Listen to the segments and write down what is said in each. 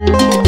you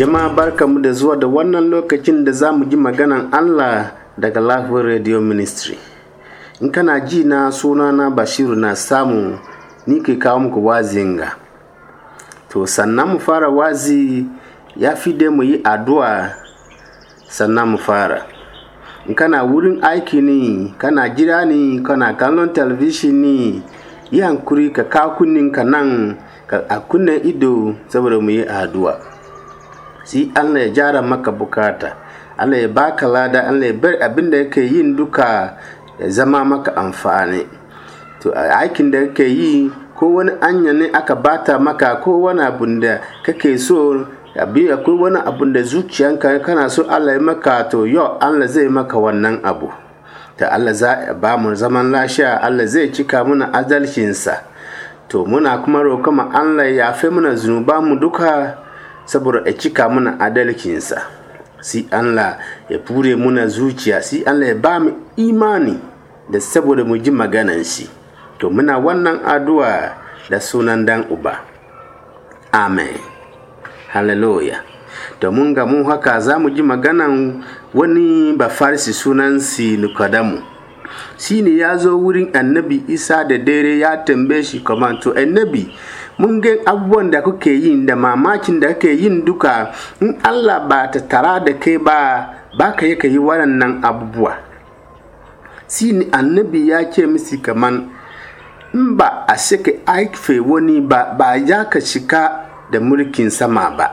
Jama'a mu da zuwa da wannan lokacin da za mu ji maganan Allah daga Life Radio Ministry. In kana ji na sunana Bashiru na samu ni ke kawo muku wazin ga. To sannan mu fara wazi ya fi dai mu yi addu'a sannan mu fara. In kana wurin aiki ne, kana gida ne, kana kallon talabishin ne, yi hankuri ka kakunin ka nan a kunnen ido saboda mu yi addu'a. sai Allah ya jara maka bukata Allah ya baka lada Allah ya bar abin da yake yin duka ya zama maka amfani to aikin da yake yi ko wani anya ne aka bata maka ko wani abun da kake so abi akwai wani abun da zuciyanka kana so Allah ya maka to yau Allah zai maka wannan abu ta Allah za ba mu zaman lafiya Allah zai cika muna adalcinsa to muna kuma roƙa Allah ya yafe muna zunuba mu duka saboda a cika mana adalcinsa si Allah ya fure muna zuciya si Allah ya ba mu imani da saboda mu ji maganan shi to muna wannan addu'a da sunan dan uba amen hallelujah mun ga mu haka za mu ji maganan wani farisi sunan si nukadamu Sini ya zo wurin annabi isa da dare ya tambaye shi kamar to annabi mun ga abubuwan da kuke yin da mamakin da kake yin duka in allah ba ta tara da kai ba ba ka yi ka yi waɗannan abubuwa shine annabi ya ce misi kamar in ba a ka aife wani ba ba ya ka shika da mulkin sama ba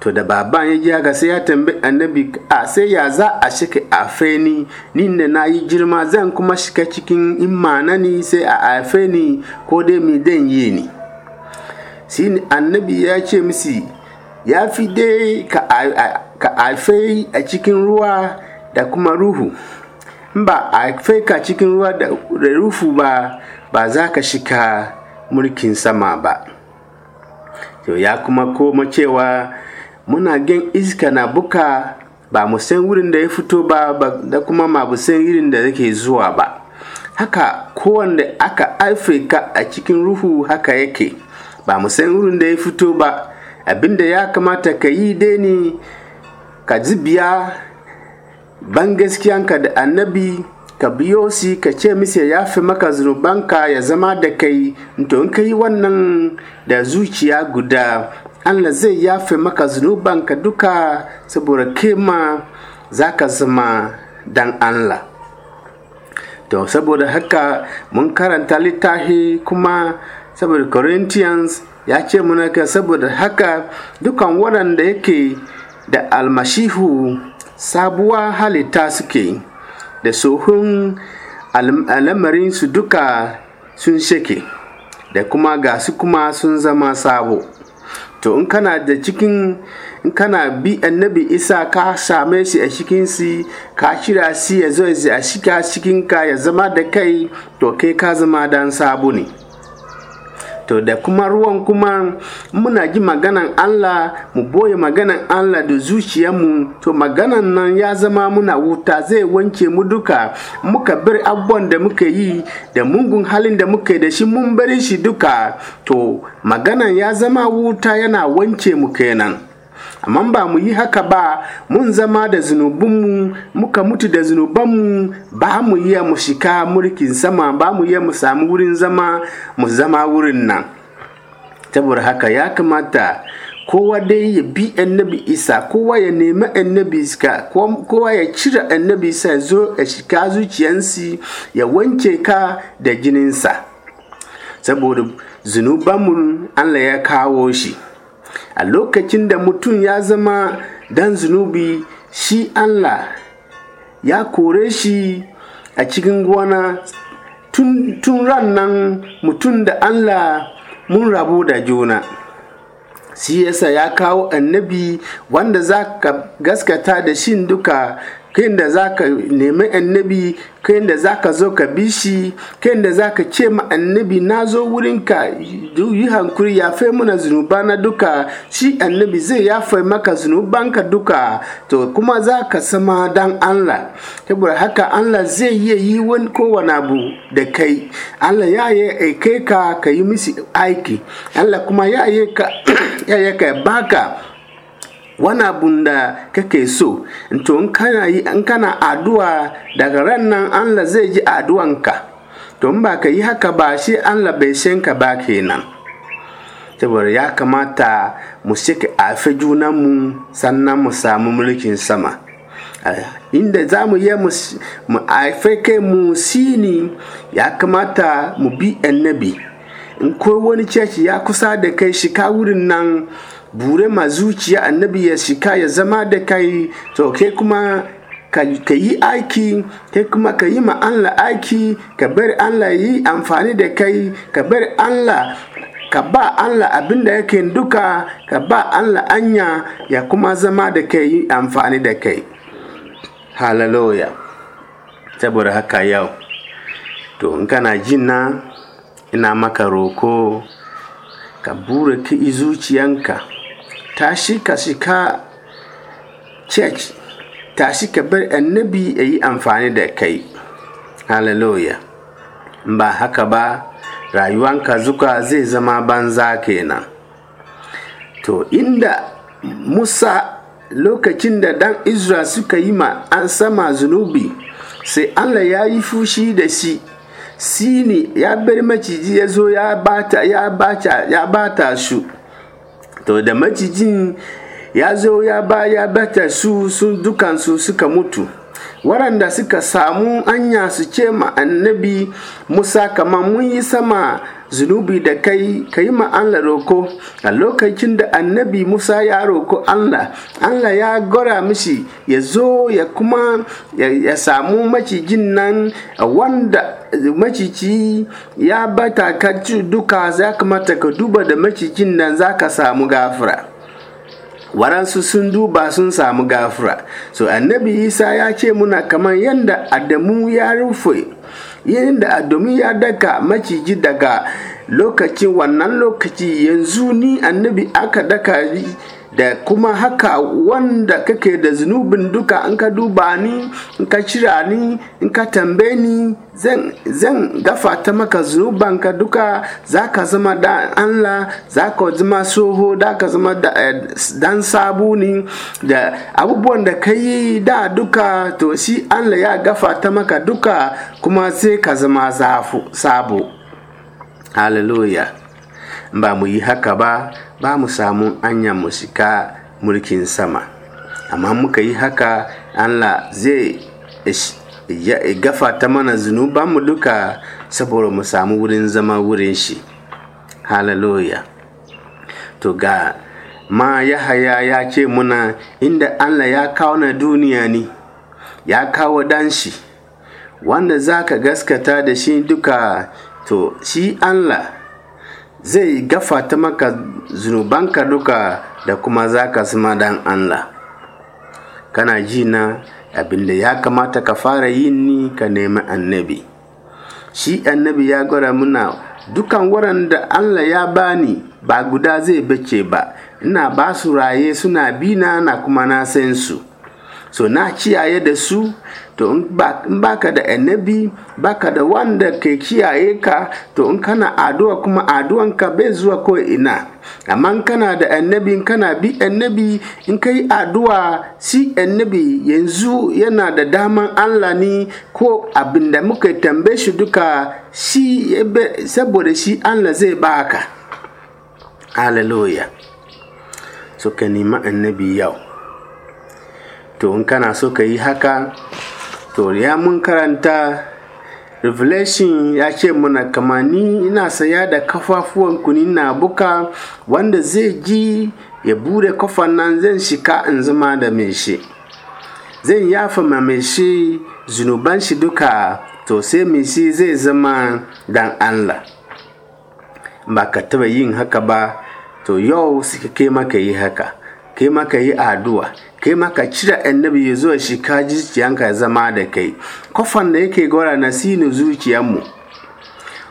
to da baban ya ji haka sai ya tambayi annabi a sai ya za a shika a feni ni da na yi girma zan kuma shika cikin imana ni sai a afe ni ko dai mi dan yi ni shi annabi ya ce misi ya fi dai ka afe a cikin ruwa da kuma ruhu ba ba afe ka cikin ruwa da rufu ba ba za ka shika mulkin sama ba ya kuma koma cewa muna gan iska na buka ba mu san wurin da ya fito ba da kuma ma bu san irin da yake zuwa ba haka kowanne aka ka a cikin ruhu haka yake ba mu san wurin da ya fito ba abinda ya kamata ka yi dai ne ka zubiya ban gaskiyanka da annabi ka biyo si ka ce misa ya fi maka zunubanka ya zama da kai to in ka yi wannan da zuciya guda Allah zai yafe maka zunubanka duka saboda kema za ka zama dan Allah to saboda haka mun karanta littafi kuma saboda corinthians ya ce muna ka saboda haka dukan waɗanda yake da almashihu sabuwa halitta suke da tsohon su duka sun shake da kuma gasu kuma sun zama sabo to in kana da cikin in kana bi annabi isa ka same shi a si ka shirya si ya zo a shika cikinka ya zama da kai to kai ka zama dan sabu ne to da kuma ruwan kuma muna ji maganan Allah mu boye maganan Allah da zuciyarmu to maganan nan ya zama muna wuta zai wanke mu duka muka bar abubuwan da muka yi da mungun halin da muka da shi mun bari shi duka to maganan ya zama wuta yana wanke mu kenan amma ba mu yi haka ba mun zama da zunubinmu muka mutu da zunubanmu ba mu yi mu shika mulkin sama ba mu yi mu samu wurin zama mu zama wurin nan saboda haka ya kamata kowa dai ya bi annabi isa kowa ya nemi annabi isa kowa ya cire annabi isa ya zo ya shika zuciyansi ya wanke ka da jininsa saboda zunubanmu allah ya kawo shi a lokacin da mutum ya zama dan zunubi shi Allah ya kore shi a cikin gona tun, ran rannan mutum da Allah mun rabu da juna siyasa ya kawo annabi wanda za ka gaskata da shin duka kai da za ka nemi annabi kai da za ka zo ka bi shi kai da za ka ce ma annabi na zo wurinka yi hankuri ya fai zunuba na duka shi annabi zai ya fai maka zunubanka duka to kuma za ka sama dan Allah saboda haka Allah zai iya yi wani kowane abu da kai Allah ya yi aike ka ka yi misi aiki Allah kuma ya yi ka baka wani abun da kake so to in kana yi addu'a daga ran nan Allah zai ji addu'anka to in ba ka yi haka ba shi Allah bai san ka ba kenan saboda ya kamata mu shike afi mu sannan mu samu mulkin sama inda za mu yi mu haife kai mu sini ya kamata mu bi annabi in ko wani ceci ya kusa da kai shi wurin nan bure ma zuciya annabi ya shika ya zama da kai to kai kuma ka yi aiki kai kuma ka yi ma aiki ka bari Allah yi amfani da kai ka bari Allah ka ba Allah abin da yake duka ka ba Allah anya ya kuma zama da kai yi amfani da kai hallelujah saboda haka yau to in kana jin na ina maka roko ka bure ki zuciyanka tashi ka shiga church tashi ka bar annabi ya yi amfani da kai hallelujah ba haka ba rayuwanka zuka zai zama banza kenan to inda musa lokacin da dan Israel suka yi ma an sama zunubi sai Allah ya yi fushi da shi sini ya bar maciji ya zo ya bata ya bata ya bata su to da macijin ya zo ya ba ya bata su su dukansu suka mutu waɗanda suka samu anya su ce ma annabi musa kamar mun yi sama zunubi da kai ka yi Allah roko a lokacin da annabi Musa ya roko Allah Allah ya gora mishi ya zo ya kuma ya samu macijin nan wanda macici ya bata ka duka za ka kamata ka duba da macijin nan za ka samu gafura waransu sun duba sun samu gafura so annabi isa ya ce muna kamar yadda adamu ya rufe yayin da domin ya daka maciji daga lokacin wannan lokaci yanzu ni annabi aka daka da kuma haka wanda kake da zunubin duka in ka duba ni in ka cira ni in ka tambe ni zan gafata maka ka duka za ka zama dan Allah za ka zama soho da ka zama eh, dan sabu ni da abubuwan da ka yi da duka to shi Allah ya gafata maka duka kuma sai ka zama sabo hallelujah ba mu yi haka ba ba mu samu anya mu shika mulkin sama amma muka yi haka allah zai ya gafata mana mu duka saboda mu samu wurin zama wurin shi hallelujah to ga ma yahaya ya ce muna inda allah ya kawo na duniya ne ya kawo dan shi wanda za ka gaskata da shi duka to shi allah zai gafata maka zunubanka duka da kuma za ka zama dan Allah kana ji na abinda ya kamata ka fara yin ni ka nemi annabi shi annabi ya gwada muna dukan wurin da Allah ya bani ba guda zai bace ba ina ba su raye suna bina na kuma na san su so na ciyaye da su to in baka da annabi baka da wanda ke kiyaye ka to in kana addu'a kuma ka bai zuwa ko ina amma kana da annabi kana bi annabi in ka yi si annabi yanzu yana da daman Allah ne ko abinda muka tambaye shi duka shi saboda shi Allah zai baka hallelujah so ka annabi yau to in kana so ka yi haka to ya mun karanta revelation ya ce muna kamani ina saya da kafafuwan kuni na buka wanda zai ji ya bude kofar nan zan shika in zama da mai zan yafa ma mai shi zunuban shi duka to sai mai zai zama dan allah ba ka taba yin haka ba to yau suka kai maka yi haka kai ma ka yi addu'a kai ma ka cire annabi ya zo shi ka zuciyanka ya zama da kai kofan da yake gora na sinu zuciyanmu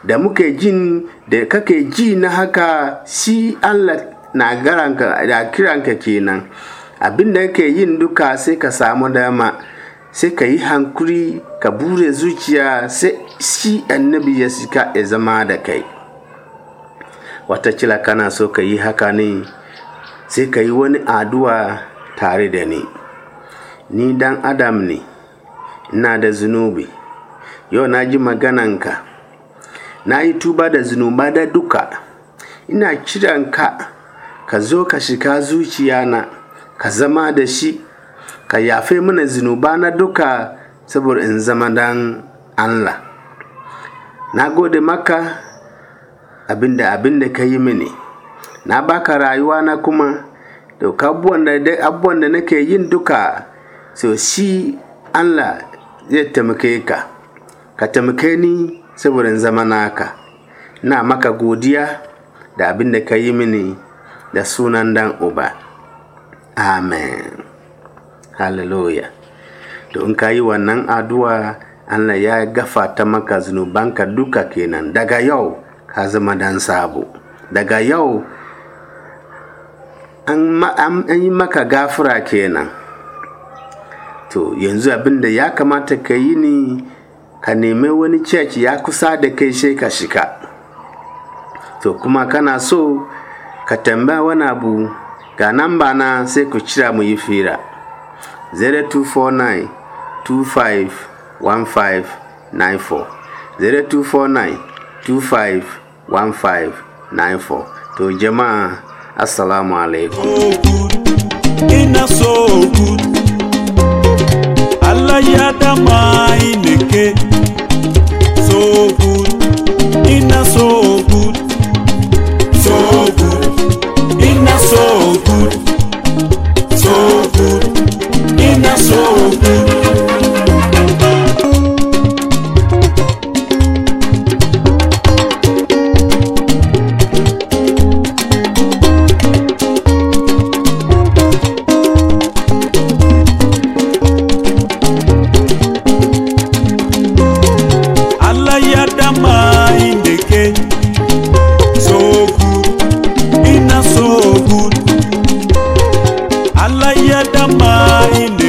da muke jin da kake ji na haka shi Allah na garanka da kiranka kenan abin da yake yin duka sai ka samu dama sai ka yi hankuri ka bure zuciya sai shi annabi ya shika ya zama da kai wata kana so ka yi haka ne sai ka yi wani addu'a tare da ni ni dan adam ne ina da zunubi yau na ji magananka na yi tuba da zunuba da duka ina kiranka ka zo ka shiga zuciyana ka zama da shi ka yafe mana zunuba na duka saboda in zama dan Allah na gode maka abinda abinda ka yi mini na baka rayuwa na kuma da abubuwan da abubuwan da nake yin duka so shi Allah zai taimake ka ka taimake ni saboda zama naka na maka godiya da abin da ka yi mini da sunan dan uba amen hallelujah to in ka yi wannan addu'a Allah ya gafa gafata maka zunubanka duka kenan daga yau ka zama dan sabo daga yau an yi maka gafura kenan to yanzu abinda ya kamata ka yi ni ka nemi wani church ya kusa da kai sai ka shika to kuma kana so ka tambaya wani abu ga nan ba na sai ku cira mu yi fira 0249 25 1594 0249 25 15 94 to jama'a assalamu alaikum so good Allah ya so good ina so good so good ina so good so good ina so good binadamu ini